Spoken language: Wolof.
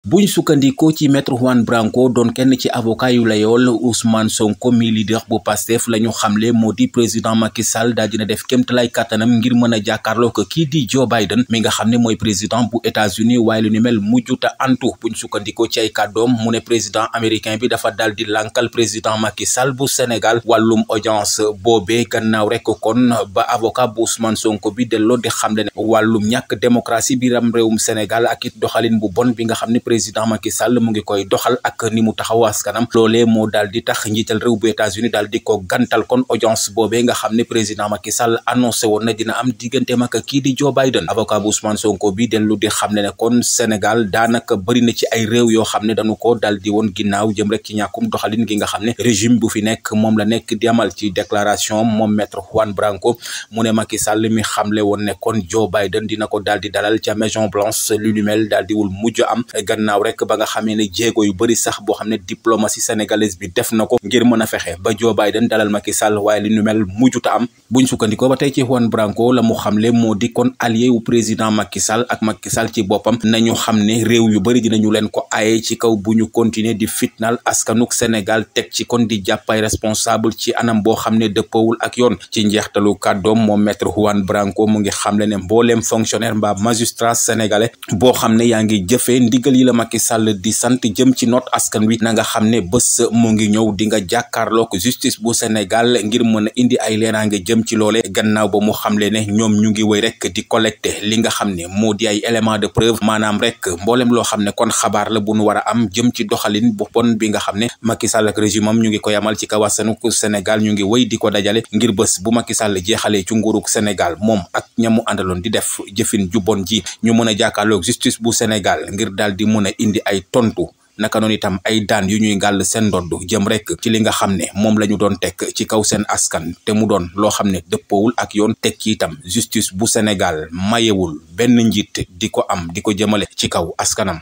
buñ sukkandikoo ci maître Juan Branco doon kenn ci avocat yu layool Ousmane Sonko mi leader bu Pastef la ñu xamle moo di président Macky Sall daal dina def kémtalaay kàttanam ngir mën a jàkkaarloo ko kii di Joe Biden mi nga xam ne mooy président bu États-Unis waaye lu ni mel mujjuta antu buñ sukkandikoo ci ay kàddoom mu ne président américain bi dafa dal di lankal président Macky Sall bu Sénégal wàllum audience boobee gannaaw rek kon ba avocat bu Ousmane Sonko bi delloo di xamle ne wàllum ñàkk démocratie biram réewum Sénégal ak it bu bon bi nga xam président Macky Sall mu ngi koy doxal ak ni mu taxaw askanam lolé mo daal di tax njital rew bu États-Unis daal di ko gantal kon audience bobé nga xamné président Macky Sall annoncé won na dina am diggante ak ki di Joe Biden avocat bu Ousmane Sonko bi dellu di xamné ne kon Sénégal daanaka bari na ci ay rew yo xamné dañu ko dal di won ginnaaw jëm rek ci ñàkkum doxalin gi nga xamné régime bu fi nek mom la nek di amal ci déclaration mom maître Juan Branco mu né Macky Sall mi xamlé won né kon Joe Biden dina ko dal di dalal ci Maison Blanche lu ni mel di wul mujju am gan gannaaw rek ba nga xamee ne jéego yu bëri sax boo xam ne diplomatie bi def na ko ngir mën a fexe ba Joe Biden dalal Macky Sall waaye li nu mel mujjuta am buñ sukkandikoo ba tey ci Juan Branco la mu xamle moo di kon allié wu président Macky Sall ak Macky Sall ci boppam nañu xam ne réew yu bëri dinañu leen ko aaye ci kaw bu ñu continuer di fitnaal askanuk Sénégal teg ci kon di jàppay responsable ci anam boo xam ne dëppawul ak yoon ci njeextalu kàddoom moo maître Juan Branco mu ngi xamle ne mbooleem fonctionnaire mbaa magistrat sénégalais boo la Macky Sall di sante jëm ci note askan wi nga xamne ne mo ngi ñew di nga ko justice bu Sénégal ngir mëna indi ay leeraange jëm ci lolé gannaaw ba mu xamle ne ñom ñu ngi wëy rek di kolekte li nga xamne mo di ay élément de preuve manam rek mboolem lo xamne kon xabar la bu nu wara am jëm ci doxalin bu bon bi nga xamne Macky Sall ak régime am ñu ngi ko yamal ci kawasanu Sénégal ñu ngi wëy di ko dajalé ngir bés bu Macky Sall jéxalé ci nguruk Sénégal mom ak ñamu andalon di def jëfin ju bon ji ñu mëna jakarlo jàkkaarloog justice bu Sénégal ngir daal di mu na indi ay tontu naka noonu itam ay daan yu ñuy gàll seen ndodd jëm rek ci li nga xam ne moom la ñu doon teg ci kaw seen askan te mu doon loo xam ne dëppoowul ak yoon teg ci itam bu Sénégal mayewul benn njiit di ko am di ko jëmale ci kaw askanam